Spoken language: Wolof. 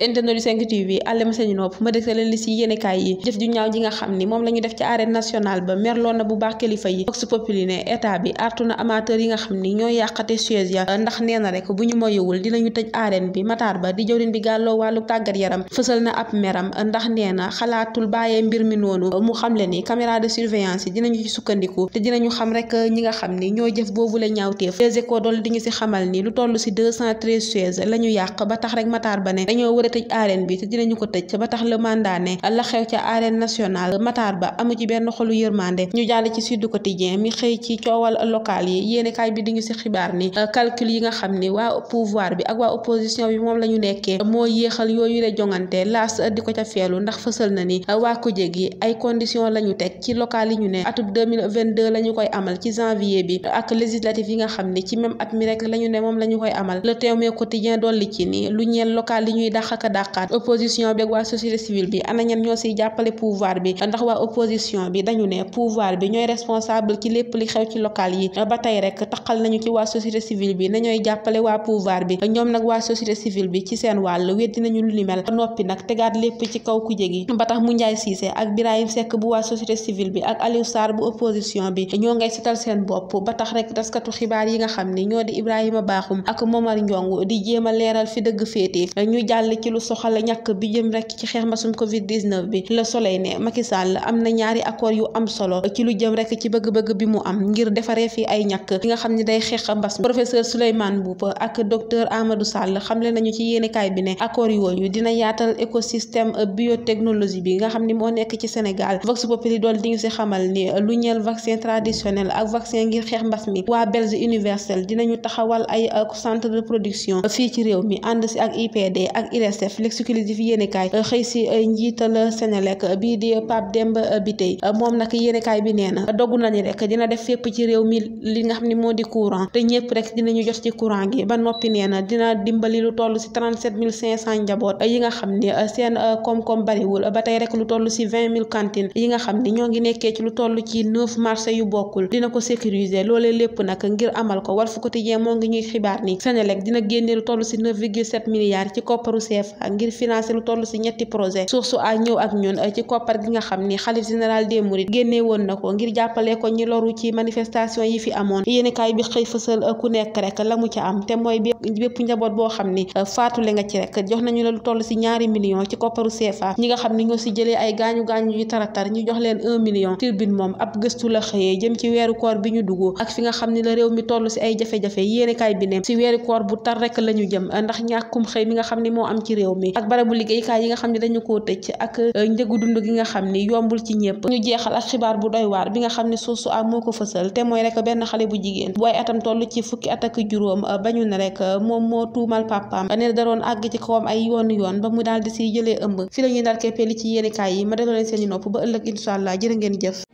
internet yu 5 TV àlle ma sañu nopp ma dëg sa leen moom la def ci arène nationale ba merloon na bu baax kilifa yi vox populi ne bi artu na amateur yi nga xam ni ñoo yàqate siège ya ndax nee na rek bu ñu moyewul dinañu tëj arène bi mataar ba di jëwriñ bi gàlloo wàllu tàggat yaram fësal na ab meram ndax nee na xalaatul bàyyee mbir mi noonu mu xam le ni caméra de surveillance yi dinañu ci sukkandiku te dinañu xam rek ñi nga xam ni ñoo jëf boobu la ñaawteef Les Échos dool di ñu si xamal ni lu toll si 213 siège la ñu yàq ba tax rek mataar war a tëj arène bi te dinañu ko tëj ba tax le ne la xew ca arène nationale Matar Ba amu ci benn xolu yërmande ñu jàll ci Sud Quotidien mi xëy ci coowal local yi yéenekaay bi di ñu si xibaar ni euh, calcul yi nga xam ni waa pouvoir bi ak waa opposition bi moom la ñu nekkee moo yéexal yooyu le jongante laas di ko ca feelu ndax fësal na ni euh, waa ko kuje gi ay conditions la ñu teg ci local yi ñu ne atub 2022 la ñu koy amal ci janvier bi ak législatif yi nga xam ni ci même at mi rek la ñu ne moom la ñu koy amal le Témoin Quotidien dolli ci ni lu ñeel local yi yàq ak dàqaat opposition bi ak waa société civile bi ana ñan ñoo siy jàppale pouvoir bi ndax waa opposition bi dañu ne pouvoir bi ñooy responsable ci lépp li xew ci local yi ba tey rek taqal nañu ci waa société civile bi na ñooy jàppale waa pouvoir bi ñoom nag waa société civile bi ci seen wàll weddi nañu lu ni mel noppi nag tegaat lépp ci kaw kuje gi ba tax mu njaay siise ak Birahim Seck bu waa société civile bi ak Aliou bu opposition bi ñoo ngay a ci lu soxal ñak bi jëm rek ci xeex mbasum covid 19 bi le soleil ne Macky Sall amna ñaari accord yu am solo ci lu jëm rek ci bëgg-bëgg bi mu am ngir défaré fi ay ñak yi nga xamni day xex mbas professeur Souleymane Boupa ak docteur Amadou Sall xamle nañu ci yene kay bi ne accord yooyu dina yaatal écosystème biotechnologie bi nga xamni mo nekk ci Sénégal Vox Populi dool di ñu si xamal ni lu ñël vaccin traditionnel ak vaccin ngir xex mbass mi wa Belge universel dinañu taxawal ay centre de production fi ci réew mi ànd ci ak IPD ak IRES PSF l'exclusif eh, eh, yéenekaay bi nee na dogu nañu rek dina mi li nga xam ne di courant te ñëpp rek dinañu jot ci courant na dina dimbali lu toll si trente-sept mille cinq cent njaboot yi nga xam ni eh, seen koom-koom bariwul ba tey rek lu toll si yi nga xam ni ñoo ngi nekkee ci lu yu bokkul dina ko sécuriser loolee lépp nag ngir amal ko Walf Quotidien moo ngi ñuy xibaar ni Senelec dina génne lu toll si neuf virgule sept milliards ci kopparu CFA ngir financer lu toll si ñetti projet source a ñëw ak ñun eh, ci koppar gi nga xam ni xalif général des eh, boo xam ni eh, faatule nga ci rek jox nañu la lu toll si ñaari million ci kopparu CFA ñi nga xam ni ñoo si jëlee ay gaañu gaañu yu taratar ñu jox leen un million turbine moom ab gëstu la xëyee jëm ci weeru koor bi ñu dugg ak fi nga xam ni la réew mi toll si ay jafe-jafe yéenekaay bi ne si weeru koor bu tar rek la jëm ndax ñàkkum xëy mi nga xam ni moo am ci réew mi ak barabu liggéeykaay yi nga xam ne dañu koo tëj ak euh, njëgu dund gi nga xam ni yombul ci ñëpp ñu jeexal ak xibaar bu doy waar bi nga xam ne source a moo ko fësal te mooy rek benn xale bu jigéen bu ay atam toll ci fukki at ak juróom euh, bañu ne rek euh, moom moo tuumal ba ne da àgg ci kawam ay yoon yoon ba mu daal di siy jëlee ëmb fi la ñuy ndar keppee li ci yéenekaay yi ma delloo leen seeni nopp ba ëllëg incha allah ngeen jëf